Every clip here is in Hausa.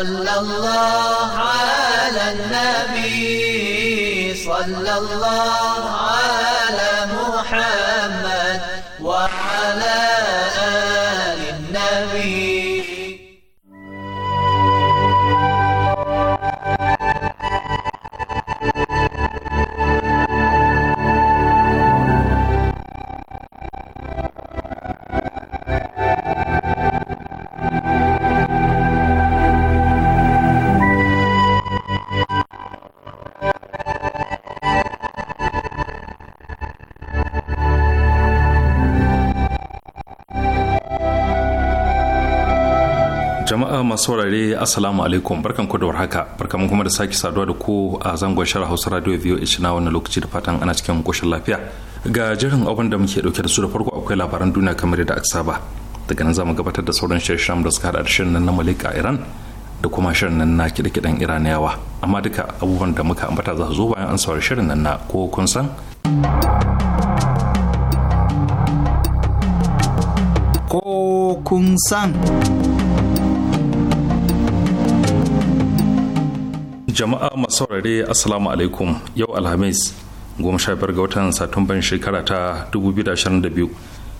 صلى الله على النبي صلى الله عليه masu saurare assalamu alaikum barkan ku da warhaka barkan kuma da sake saduwa da ku a zangon shara hausa radio voh na wannan lokaci da fatan ana cikin koshin lafiya ga jirin abin da muke dauke da su da farko akwai labaran duniya kamar yadda aka saba daga nan zamu gabatar da sauran shirin da suka hada da shirin na malika iran da kuma shirin nan na kiɗe-kiɗen iraniyawa amma duka abubuwan da muka ambata za su zo bayan an saurari shirin nan na ko kun san ko kun san jama'a masu saurare assalamu alaikum yau alhamis goma sha biyar ga watan satumban shekara ta 2022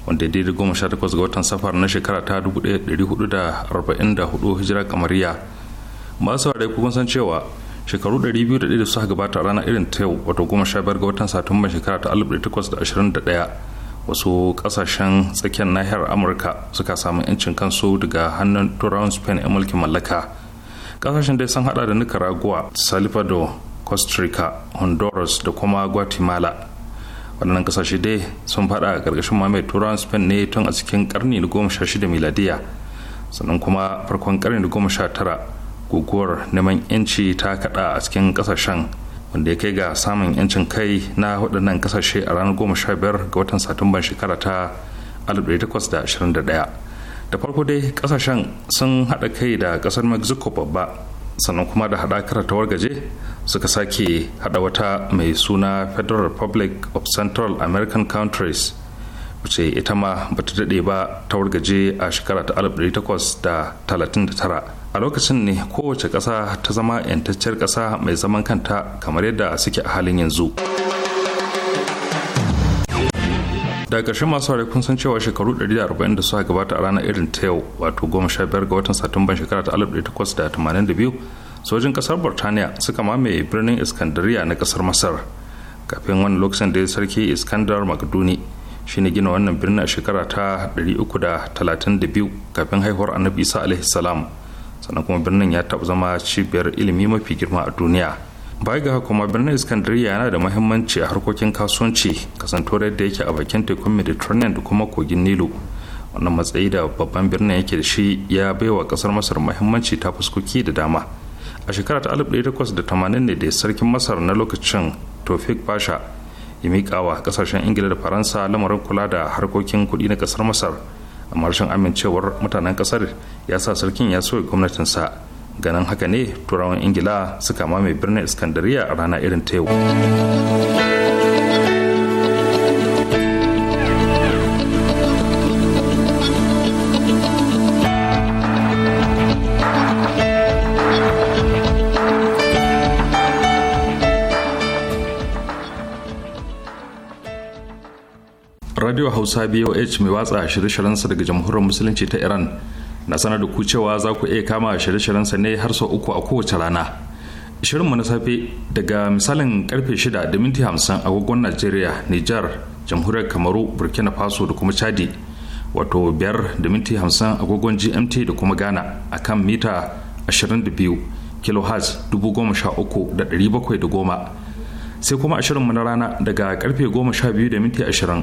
wanda ya daidai goma sha takwas ga watan safar na shekara ta 1444 hijira kamariya masu saurare kukun san cewa shekaru 200 da suka gabata a ranar irin ta yau wato goma sha biyar ga watan satumban shekara ta 1821 wasu kasashen tsakiyar nahiyar amurka suka samu 'yancin kansu daga hannun turawan spain 'yan mulkin mallaka kasashen dai sun hada da nicaragua salvador costa rica honduras da kuma guatemala waɗannan kasashe dai sun fada a ƙarƙashin mamayar turawan spain ne tun a cikin karni na goma sha shida miladiya sannan kuma farkon karni na goma sha tara guguwar neman yanci ta kaɗa a cikin kasashen wanda ya kai ga samun yancin kai na waɗannan kasashe a ranar goma sha biyar ga watan satumban shekara ta 1821 da farko dai kasashen sun haɗa kai da ƙasar mexico babba sannan kuma da haɗakar ta wargaje suka sake haɗa wata mai suna federal republic of central american countries wace ita ma ba ta daɗe ba ta wargaje a shekara ta 1839 a lokacin ne kowace ƙasa ta zama 'yantacciyar ƙasa mai zaman kanta kamar yadda suke a halin yanzu. daga ƙarshen masu ware kun san cewa shekaru 140 da suka gabata a ranar irin ta yau wato 15 ga watan satumban shekara ta 1882 sojin ƙasar burtaniya suka mamaye birnin iskandariya na ƙasar masar kafin wani lokacin da ya sarki iskandar shi shine gina wannan birnin a shekara ta 332 kafin haihuwar annabi isa alaihi salam sannan kuma birnin ya taɓa zama cibiyar ilimi mafi girma a duniya bai ga kuma birnin iskandariya yana da mahimmanci a harkokin kasuwanci kasantuwar da yake a bakin tekun mediterranean da kuma kogin nilu wannan matsayi da babban birnin yake da shi ya baiwa kasar masar mahimmanci ta fuskoki da dama a shekara ta 1880 ne da sarkin masar na lokacin tofik pasha ya miƙa wa kasashen ingila da faransa lamarin kula da harkokin kuɗi na kasar masar amma rashin amincewar mutanen kasar ya sa sarkin ya soya gwamnatinsa ganin haka ne turawan ingila suka mame birnin iskandariya a rana irin ta yau radio hausa boh mai watsa shirye-shiryensa daga jamhuriyar musulunci ta iran na sanar da ku cewa za ku iya kama shirye sa ne har sau uku a kowace rana shirinmu na safe daga misalin karfe 6 da minti 50 agogon najeriya nijar jamhuriyar kamaru burkina faso da kuma chadi wato 5 da minti 50 agogon gmt da kuma ghana a kan mita 22 kilohertz 13710 sai kuma a mu na rana daga karfe 12 da minti 20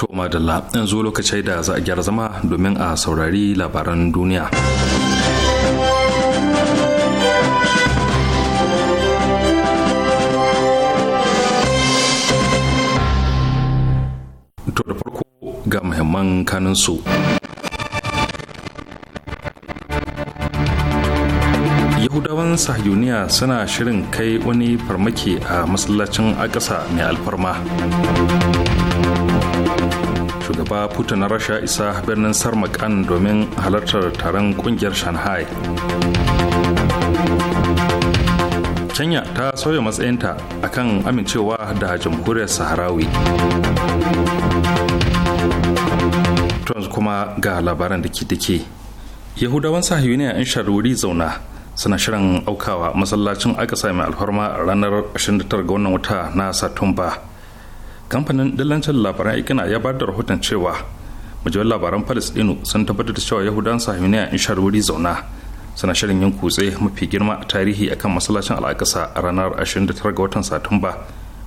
To madalla yanzu lokacin da za a gyara zama domin a saurari labaran duniya. To da farko ga muhimman su. Yahudawan Sahiyuniya suna shirin kai wani farmaki a masallacin ƙasa mai alfarma. shugaba putin na rasha isa birnin sarmakan domin halartar taron kungiyar shanghai kenya ta sauya matsayinta akan amincewa da jamhuriyar saharawi trans kuma ga labaran da ke dake yahudawan sahiyuniya in sharuri zauna suna shirin aukawa masallacin aka sami alfarma a ranar 29 ga wannan wata na satumba kamfanin dillancin labaran ikina ya ba da rahoton cewa majiyar labaran palestino sun tabbatar da cewa yahudan sahiyuniya in shar wuri zauna suna shirin yin kutse mafi girma a tarihi akan masallacin al'akasa a ranar 29 ga watan satumba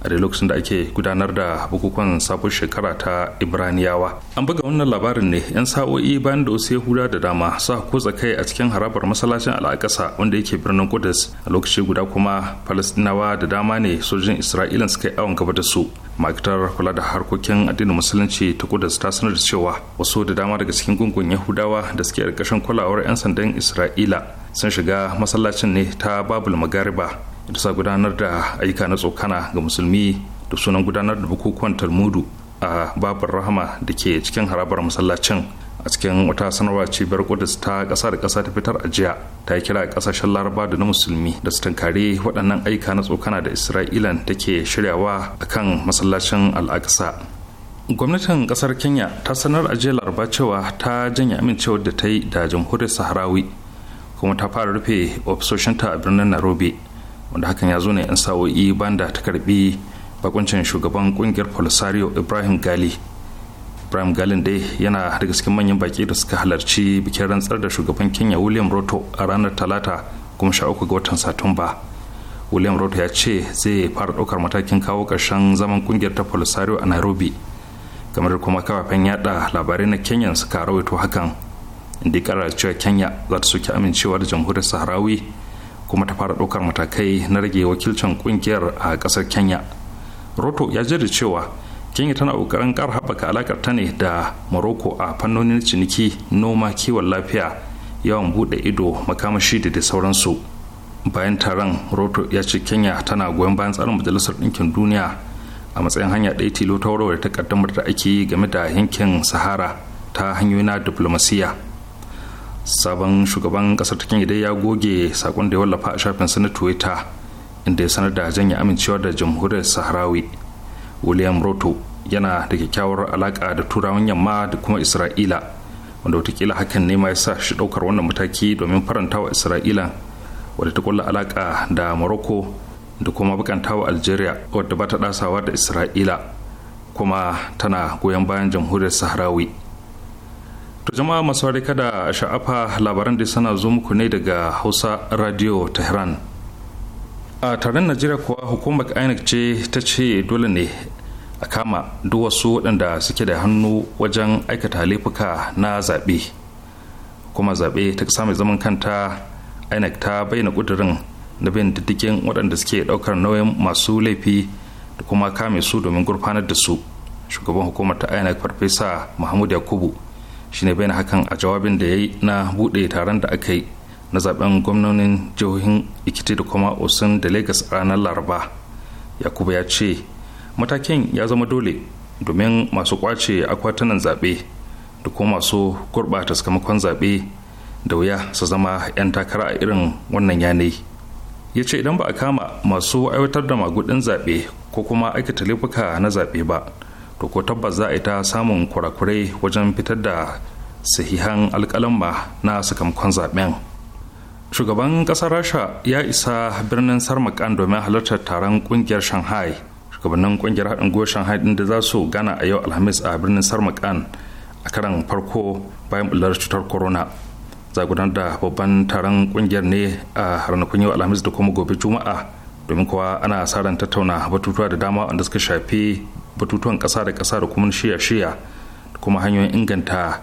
a da lokacin da ake gudanar da bukukuwan sabon shekara ta ibraniyawa an buga wannan labarin ne yan sa'o'i bayan da wasu yahuda da dama sa kotsa kai a cikin harabar masallacin al'akasa wanda yake birnin kudus a lokaci guda kuma falastinawa da dama ne sojin isra'ila suka yi awon gaba da su ma'aikatar kula da harkokin addinin musulunci ta kudus ta sanar da cewa wasu da dama daga cikin gungun yahudawa da suke karkashin kulawar 'yan sandan isra'ila sun shiga masallacin ne ta babul magariba da sa gudanar da ayyuka na tsokana ga musulmi da sunan gudanar da bukukuwan talmudu a babar rahama da ke cikin harabar masallacin a cikin wata sanarwa cibiyar kudus ta kasa da kasa ta fitar a jiya ta kira kasashen laraba da na musulmi da su tunkari waɗannan aika na tsokana da isra'ila take shiryawa a kan masallacin al'aƙasa gwamnatin ƙasar kenya ta sanar a jiya laraba cewa ta janye amincewar da ta yi da jamhuriyar saharawi kuma ta fara rufe ofisoshinta a birnin nairobi wanda hakan ya zo ne yan sa'o'i banda ta karbi bakuncin shugaban kungiyar polisario ibrahim gali ibrahim galin dai yana daga cikin manyan baki da suka halarci bikin rantsar da shugaban kenya william roto a ranar talata kuma sha uku ga watan satumba william roto ya ce zai fara ɗaukar matakin kawo ƙarshen zaman kungiyar ta polisario a nairobi kamar kuma kafafen yada labarai na kenya suka rawaito hakan inda ya cewa kenya za ta soke amincewa da jamhuriyar saharawi kuma ta fara ɗaukar matakai na rage wakilcin ƙungiyar a ƙasar kenya roto ya jira cewa kenya tana ƙoƙarin ƙar haɓaka alaƙar ta ne da morocco a fannonin ciniki noma kiwon lafiya yawan buɗe ido makamashi da dai sauransu bayan taron roto ya ce kenya tana goyon bayan tsarin majalisar ɗinkin duniya a matsayin hanya ɗaya tilo ta warware ƙaddamar da ake yi game da yankin sahara ta hanyoyi na diflomasiyya sabon shugaban kasar ta kenya dai ya goge sakon da ya wallafa a shafin na twitter inda ya sanar da janya amincewa da jamhuriyar sahrawi william roto yana da kyakkyawar alaka da turawan yamma da kuma isra'ila wanda watakila hakan ne ma ya sa shi daukar wannan mataki domin faranta wa isra'ila wadda ta kulla alaka da morocco da kuma bukanta wa algeria wadda ba ta dasawa da isra'ila kuma tana goyon bayan jamhuriyar sahrawi jama'a masu da sha'afa labaran da sana zo muku ne daga hausa radio tehran a taron najeriya kuwa hukumar inec ce ta ce dole ne a kama duk wasu waɗanda suke da hannu wajen aikata laifuka na zaɓe kuma zaɓe ta kasa mai zaman kanta inec ta bayyana ƙudurin na bin diddigin waɗanda suke ɗaukar nauyin masu laifi da kuma kame su domin gurfanar da su shugaban hukumar ta inec farfesa mahmud yakubu shine bayan hakan a jawabin da ya yi na buɗe taron da aka yi na zaben gwamnonin jihohin ikiti da kuma osun da lagos a ranar laraba yakubu ya ce matakin ya zama dole domin masu kwace akwatunan zaɓe da kuma masu gurɓata sakamakon zaɓe da wuya su zama 'yan takara a irin wannan yanayi ya ce idan ba a kama masu aiwatar da magudin zaɓe ko kuma aikata laifuka na zaɓe ba to ko tabbas za a yi ta samun kurakurai wajen fitar da sahihan alkalamma na sakamakon zaben shugaban ƙasar rasha ya isa birnin sarmakan domin halartar taron ƙungiyar shanghai shugabannin ƙungiyar haɗin gwiwar shanghai din da za su gana a yau alhamis a birnin sarmakan a karan farko bayan bular cutar corona za gudanar da babban taron ƙungiyar ne a ranakun yau alhamis da kuma gobe juma'a domin kuwa ana sa ran tattauna batutuwa da dama wanda suka shafi batutuwan ƙasa da ƙasa da kuma shiya-shiya kuma hanyoyin inganta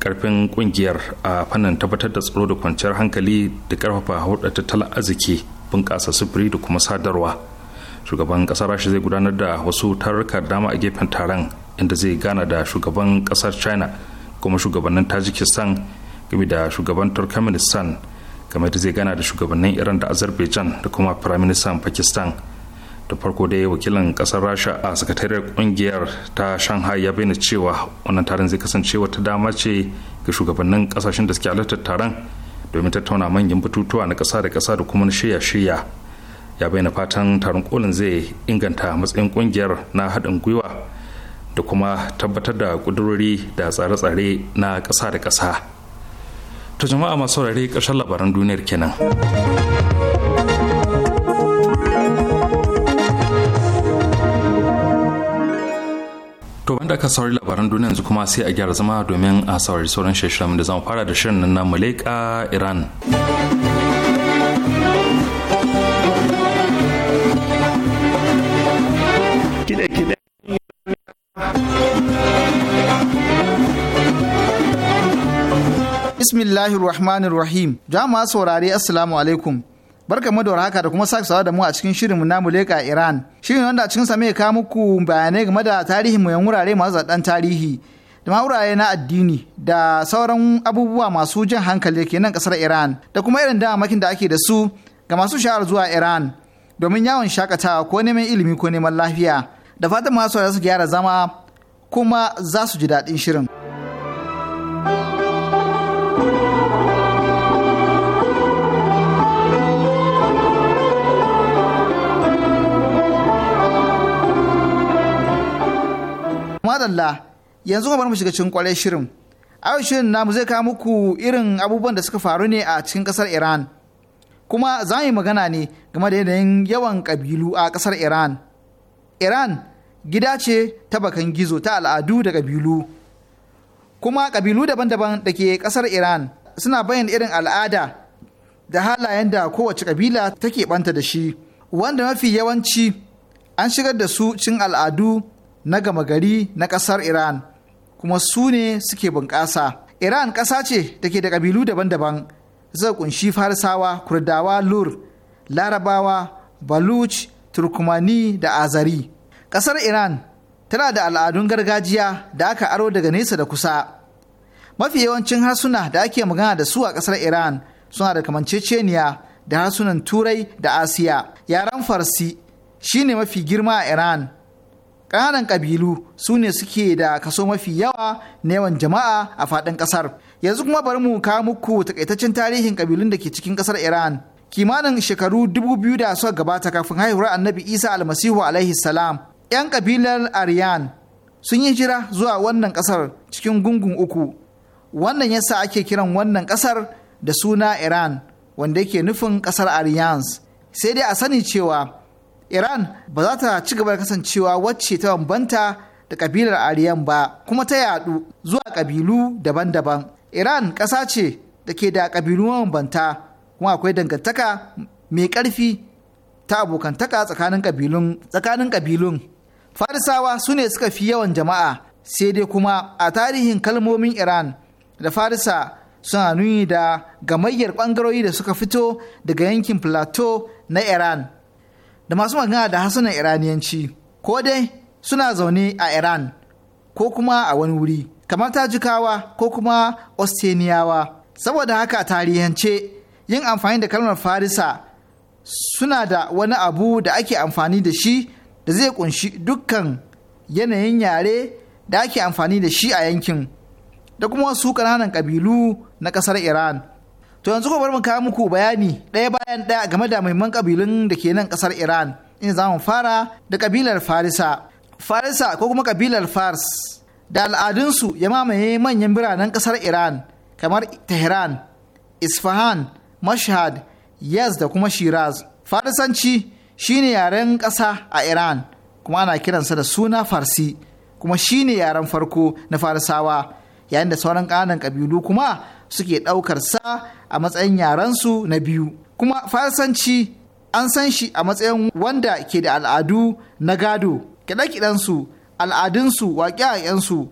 ƙarfin ƙungiyar a fannin tabbatar da tsaro da kwanciyar hankali da ƙarfafa hulɗar tattalin arziki bunƙasa sufuri da kuma sadarwa shugaban ƙasar rasha zai gudanar da wasu tarurruka dama a gefen taron inda zai gana da shugaban ƙasar china kuma shugabannin tajikistan game da shugaban turkmenistan game da zai gana da shugabannin iran da azerbaijan da kuma firaministan pakistan da farko dai wakilin kasar rasha a sakatariyar kungiyar ta shanghai ya bayyana cewa wannan taron zai kasance wata dama ce ga shugabannin kasashen da suke halartar taron domin tattauna manyan batutuwa na kasa da kasa da kuma na shirya-shirya ya bayyana fatan taron kolin zai inganta matsayin kungiyar na haɗin gwiwa da kuma tabbatar da ƙudurori da tsare-tsare na kasa da kasa ta jama'a masu saurare ƙarshen labaran duniyar kenan. To wanda ka saurari labaran duniya yanzu kuma sai a gyara zama domin a saurari sauran shirin da zan fara da shirin nan na Muleka Iran. Bismillahirrahmanirrahim. Jama'a saurare Assalamu alaikum. barka mu da haka da kuma sake sawa da mu a cikin shirinmu na Muleka Iran. Shirin wanda a cikin sa mai kawo muku bayanai game da tarihin mu yan wurare masu zaɗan tarihi da ma wurare na addini da sauran abubuwa masu jan hankali ke nan kasar Iran da kuma irin damamakin da ake da su ga masu sha'ar zuwa Iran domin yawon shakatawa ko neman ilimi ko neman lafiya. Da fatan masu su gyara zama kuma za su ji daɗin shirin. madalla yanzu kamar mu shiga cikin kwarai shirin a yau shirin namu zai kawo muku irin abubuwan da suka faru ne a cikin kasar iran kuma za mu yi magana ne game da yanayin yawan kabilu a kasar iran iran gida ce ta bakan gizo ta al'adu da kabilu kuma kabilu daban-daban da ke kasar iran suna bayyana irin al'ada da halayen da kowace kabila take banta da shi wanda mafi yawanci an shigar da su cin al'adu na gama gari na ƙasar Iran, kuma su ne suke bunƙasa. Iran ƙasa ce da ke da ƙabilu daban-daban, zai kunshi Farisawa, Kurdawa, Lur, Larabawa, Baluch, Turkumani da Azari. Ƙasar Iran tana da al'adun gargajiya da aka aro daga nesa da kusa. Mafi yawancin harsuna da ake magana da su a ƙasar Iran suna da kamanceceniya da harsunan Turai da Asiya. Yaren Farsi shi ne mafi girma a Iran. ƙananan ƙabilu su ne suke da kaso mafi yawa na yawan jama'a a faɗin ƙasar yanzu kuma bari mu kawo muku takaitaccen tarihin ƙabilun da ke cikin ƙasar iran kimanin shekaru dubu biyu da suka gabata kafin haihuwar annabi isa almasihu alaihi salam yan ƙabilar aryan sun yi jira zuwa wannan ƙasar cikin gungun uku wannan yasa ake kiran wannan ƙasar da suna iran wanda yake nufin ƙasar aryans sai dai a sani cewa iran ba za ta ci gaba da kasancewa wacce ta bambanta da kabilar ariyan ba kuma ta yadu zuwa kabilu daban-daban iran ƙasa ce da ke da kabilu mabambanta kuma akwai dangantaka mai ƙarfi ta abokantaka tsakanin kabilun tsakanin kabilun farisawa su ne suka fi yawan jama'a sai dai kuma a tarihin kalmomin iran da farisa suna nuni da gamayyar ɓangarori da suka fito daga yankin plateau na iran da masu magana da hasunan iraniyanci ko dai suna zaune a iran ko kuma a wani wuri kamar tajikawa ko kuma osteniyawa saboda haka tarihance yin amfani da kalmar farisa suna da wani abu da ake amfani da shi da zai kunshi dukkan yanayin yare da ake amfani da shi a yankin da kuma wasu ƙananan ƙabilu na ƙasar iran To yanzu ko bari mu kawo muku bayani ɗaya bayan ɗaya game da muhimman kabilun da ke nan ƙasar Iran. In za mu fara da kabilar Farisa. Farisa ko kuma kabilar Fars da al'adunsu ya mamaye manyan biranen ƙasar Iran kamar Tehran, Isfahan, Mashhad, Yaz da kuma Shiraz. Farisanci shine yaren ƙasa a Iran kuma ana kiransa da suna Farsi kuma shine yaren farko na Farisawa. yayin da sauran ƙananan ƙabilu kuma suke ɗaukar sa a matsayin yarensu na biyu kuma farsanci an san shi a matsayin wanda ke da al'adu na gado kiɗe-kiɗensu al'adunsu waƙe-waƙensu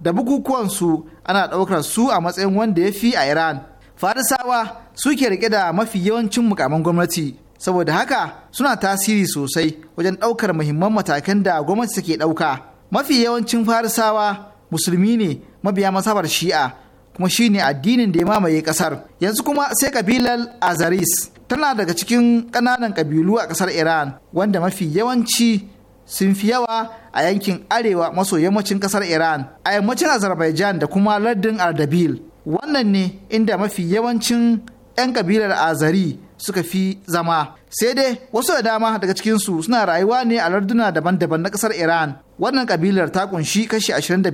da bukukuwansu ana ɗaukar su a matsayin wanda ya fi a iran farisawa suke riƙe da mafi yawancin mukaman gwamnati saboda haka suna tasiri sosai wajen ɗaukar muhimman matakan da gwamnati take ɗauka mafi yawancin farisawa musulmi ne mabiya masabar shi'a kuma shi ne addinin da ya mamaye kasar yanzu kuma sai kabilar azaris tana daga cikin ƙananan ƙabilu a ƙasar iran wanda mafi yawanci sun fi yawa a yankin arewa maso yammacin ƙasar iran a yammacin azerbaijan da kuma lardin ardabil wannan ne inda mafi yawancin 'yan kabilar azari suka fi zama sai dai wasu da dama daga cikinsu suna rayuwa ne a larduna daban-daban na kasar iran wannan kabilar ta kunshi kashi 25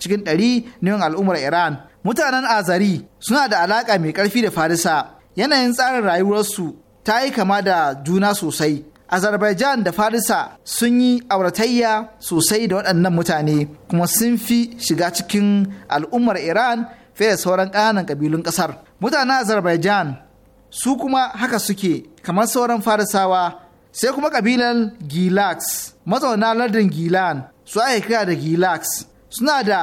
cikin 100 na al'ummar iran mutanen azari suna da alaƙa mai ƙarfi da farisa yanayin tsarin rayuwarsu ta yi kama da juna sosai azerbaijan da farisa sun yi auratayya sosai da waɗannan mutane kuma sun fi shiga cikin al'ummar iran fiye da sauran ƙananan ƙabilun ƙasar mutanen azerbaijan su kuma haka suke kamar sauran farisawa sai kuma kabilan gilax mazauna lardin gilan su aka kira da gilax suna da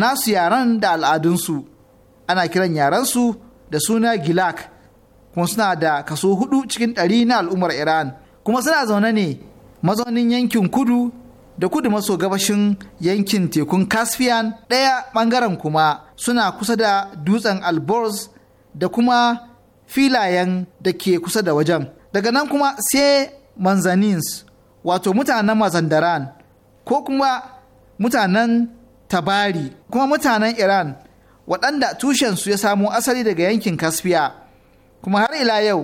nasu yaren da al'adunsu ana kiran yarensu da suna gilak kuma suna da kaso hudu cikin ɗari na al'ummar iran kuma suna zaune ne mazaunin yankin kudu da kudu maso gabashin yankin tekun caspian ɗaya ɓangaren kuma suna kusa da dutsen alborz da kuma filayen da ke kusa da wajen daga nan kuma sai manzanins wato mutanen mazandaran ko kuma mutanen tabari kuma mutanen iran waɗanda tushensu ya samo asali daga yankin kaspiya kuma har ila yau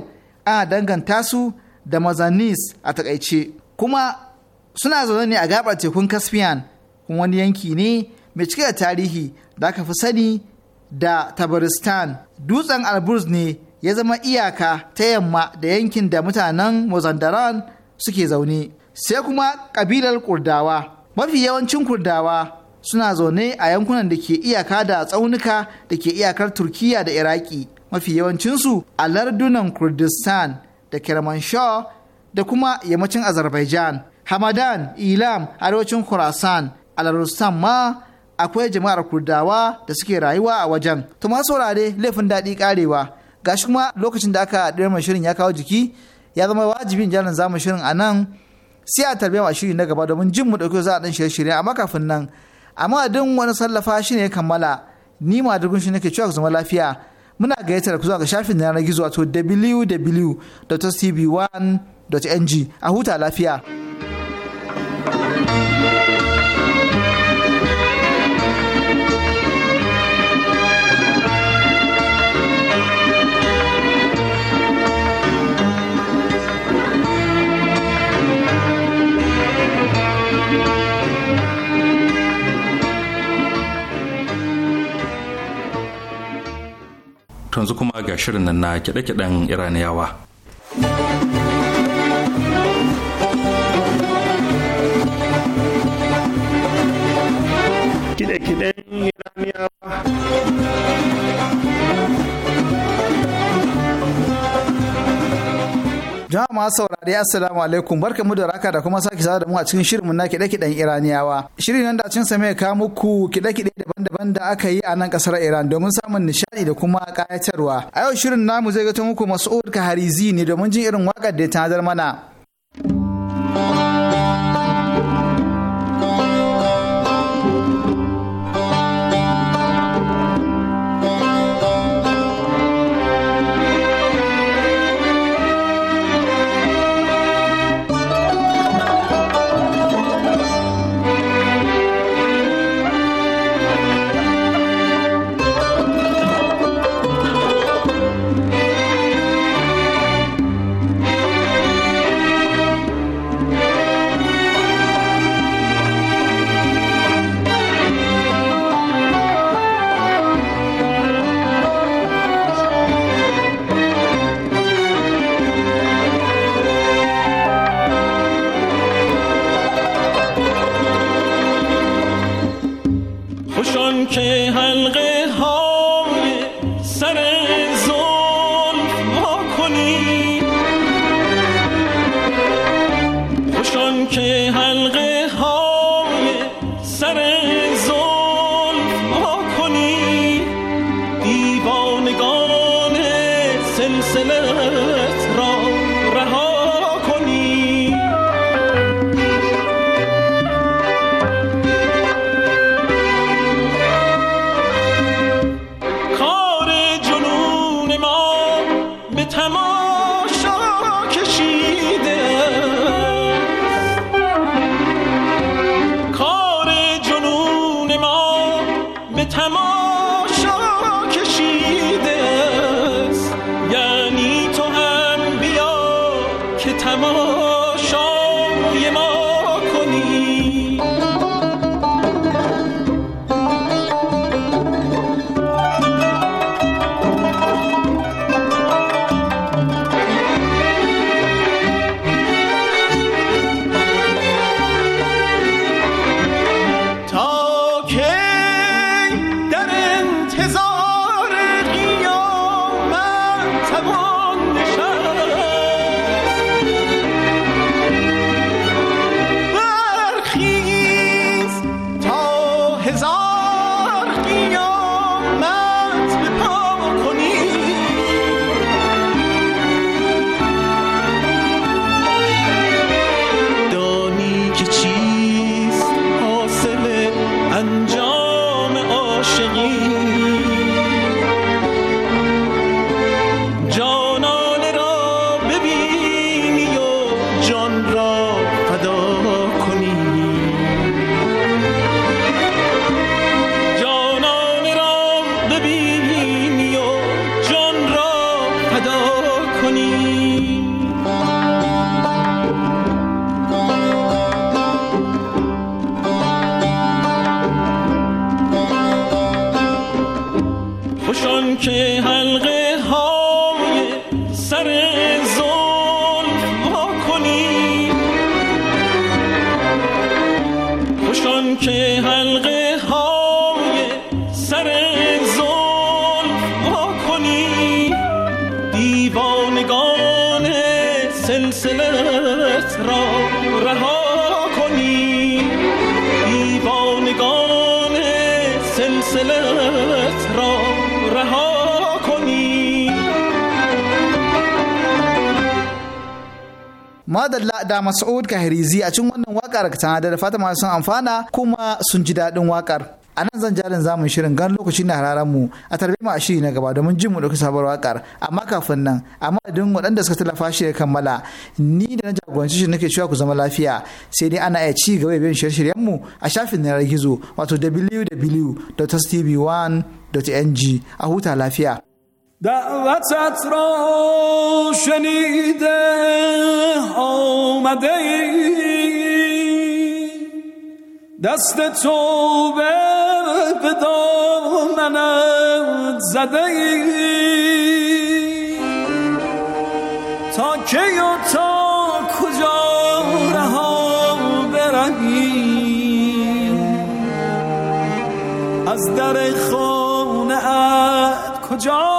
ana danganta su da mazanis a takaice kuma suna zaune ne a gabar tekun caspian kuma wani yanki ne mai cike da tarihi da aka fi sani da tabaristan dutsen alburz ne ya zama iyaka ta yamma da yankin da mutanen Mozandaran suke zaune. Sai kuma ƙabilar Kurdawa. Mafi yawancin Kurdawa suna zaune a yankunan da ke iyaka da tsaunuka da ke iyakar Turkiya da Iraki. Mafi yawancinsu a lardunan Kurdistan da kermansho da kuma yammacin Azerbaijan. Hamadan, Ilam, arewacin khurasan Alarustan ma akwai jama'ar Kurdawa da suke rayuwa a wajen. Tuma saurare laifin daɗi ƙarewa. gashi kuma lokacin da aka ɗirma shirin ya kawo jiki ya zama wajibin jalan zamu shirin a nan sai a tarbiyyar a shiri na gaba domin jin mu ɗauki za a ɗan shirye-shirye amma kafin nan amma duk wani sallafa shi ne ya kammala ni ma dugun shi nake cewa ku zama lafiya muna gayyatar ku zuwa ga shafin na yanar gizo wato www.tv1.ng a huta lafiya. yanzu kuma ga shirin nan na kiɗe-kiɗen iraniyawa masu saurari assalamu alaikum barka mu da raka da kuma sake sada da mu a cikin shirinmu na kiɗe-kiɗen iraniyawa shirin nan da cin sa mai kawo muku kiɗe-kiɗe daban-daban da aka yi a nan ƙasar iran domin samun nishaɗi da kuma kayatarwa a yau shirin namu zai gato muku mas'ud kaharizi ne domin jin irin waƙar da ta mana madalla da mas'ud kahirizi a cikin wannan wakar ta da fata masu sun amfana kuma sun ji daɗin wakar a nan zan jarin zamun shirin gan lokaci na hararen mu a tarbe mu a shiri na gaba domin jin mu ɗauki sabuwar wakar amma kafin nan a madadin waɗanda suka tallafa shi ya kammala ni da na jagoranci shi nake cewa ku zama lafiya sai dai ana iya ci gaba bin shirye-shiryen mu a shafin yanar gizo wato www.tv1.ng a huta lafiya. دعوتت را شنیده آمده ای دست تو به دامنت زده ای تا کی و تا کجا رها برهی از در خانه کجا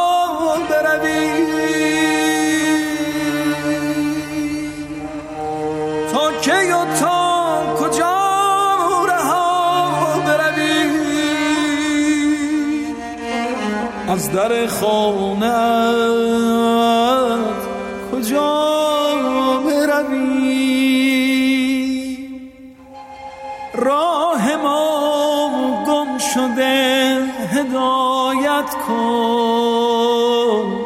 در خانت کجا بروی راه ما گم شده هدایت کن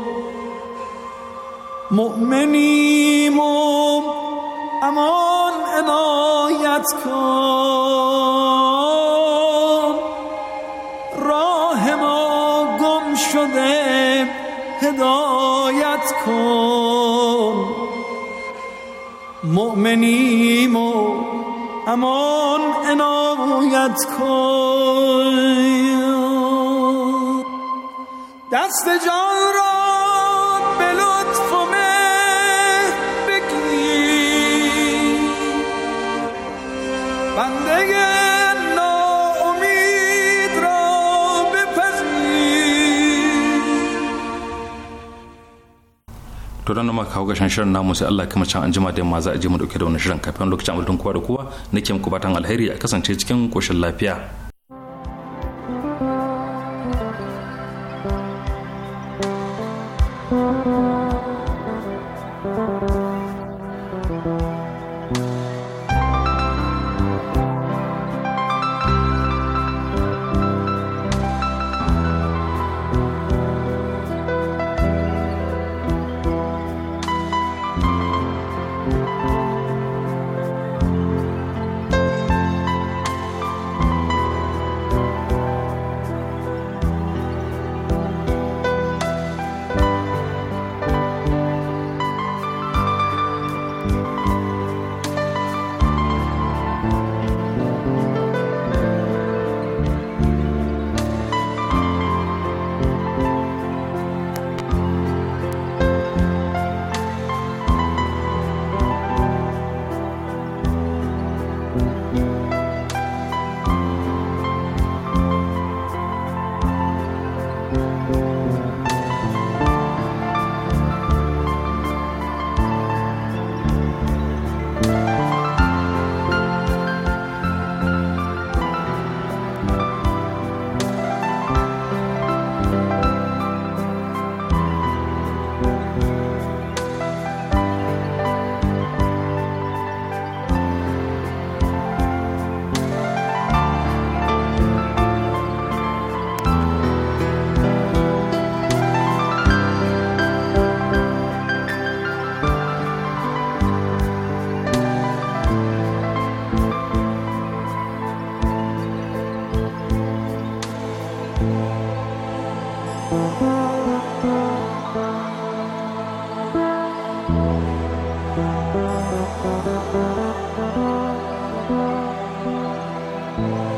مؤمنیم و امان عنایت کن شده هدایت کن مؤمنیم و امان انایت کن دست جان sauran nama kawo gashin shirin namu sai Allah kuma can anjima da yamma za a je mu dauke da wani shirin kafin lokacin amurdin kowa da kowa nake muku fatan alheri a kasance cikin koshin lafiya Thank you.